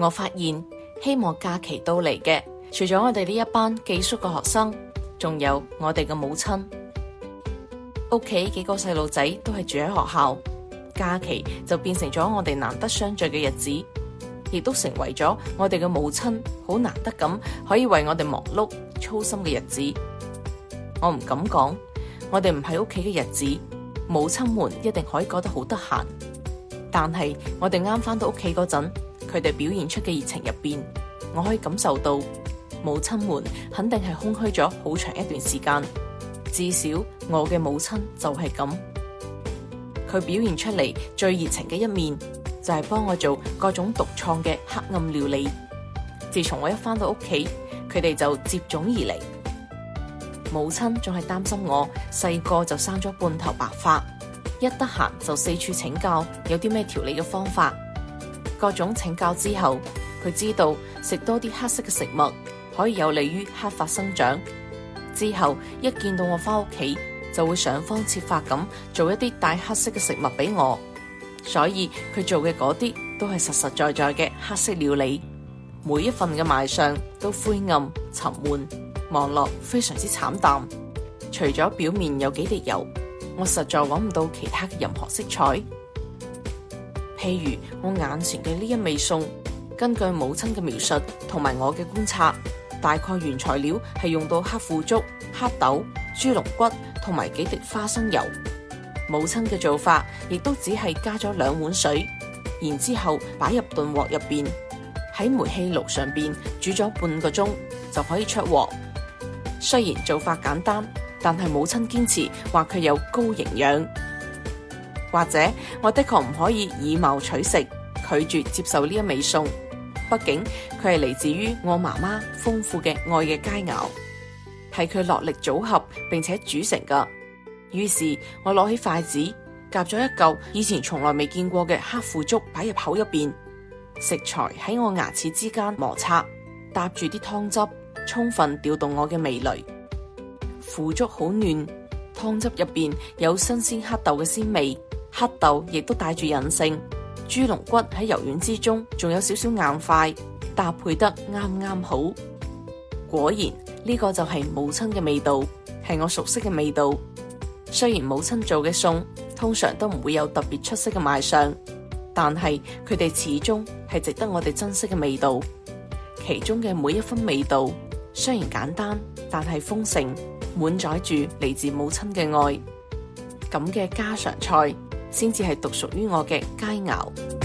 我發現希望假期到嚟嘅，除咗我哋呢一班寄宿嘅學生，仲有我哋嘅母親。屋企幾個細路仔都係住喺學校，假期就變成咗我哋難得相聚嘅日子，亦都成為咗我哋嘅母親好難得咁可以為我哋忙碌、操心嘅日子。我唔敢講，我哋唔喺屋企嘅日子，母親們一定可以過得好得閒。但係我哋啱返到屋企嗰陣。佢哋表現出嘅熱情入邊，我可以感受到母親們肯定係空虛咗好長一段時間，至少我嘅母親就係咁。佢表現出嚟最熱情嘅一面，就係、是、幫我做各種獨創嘅黑暗料理。自從我一返到屋企，佢哋就接踵而嚟。母親仲係擔心我細個就生咗半頭白髮，一得閒就四處請教有啲咩調理嘅方法。各種請教之後，佢知道食多啲黑色嘅食物可以有利於黑髮生長。之後一見到我翻屋企，就會想方設法咁做一啲帶黑色嘅食物俾我。所以佢做嘅嗰啲都係實實在在嘅黑色料理。每一份嘅賣相都灰暗沉悶，望落非常之慘淡。除咗表面有幾滴油，我實在揾唔到其他嘅任何色彩。譬如我眼前嘅呢一味餸，根據母親嘅描述同埋我嘅觀察，大概原材料係用到黑腐竹、黑豆、豬龍骨同埋幾滴花生油。母親嘅做法亦都只係加咗兩碗水，然之後擺入燉鍋入邊，喺煤氣爐上邊煮咗半個鐘就可以出鍋。雖然做法簡單，但係母親堅持話佢有高營養。或者我的確唔可以以貌取食，拒絕接受呢一味餸。畢竟佢係嚟自於我媽媽豐富嘅愛嘅佳肴，係佢落力組合並且煮成噶。於是我攞起筷子夾咗一嚿以前從來未見過嘅黑腐竹擺入口入邊，食材喺我牙齒之間摩擦，搭住啲湯汁，充分調動我嘅味蕾。腐竹好嫩，湯汁入邊有新鮮黑豆嘅鮮味。黑豆亦都帶住韌性，豬龍骨喺柔軟之中仲有少少硬塊，搭配得啱啱好。果然呢個就係母親嘅味道，係我熟悉嘅味道。雖然母親做嘅餸通常都唔會有特別出色嘅賣相，但係佢哋始終係值得我哋珍惜嘅味道。其中嘅每一分味道雖然簡單，但係豐盛，滿載住嚟自母親嘅愛。咁嘅家常菜，先至係獨屬於我嘅佳餚。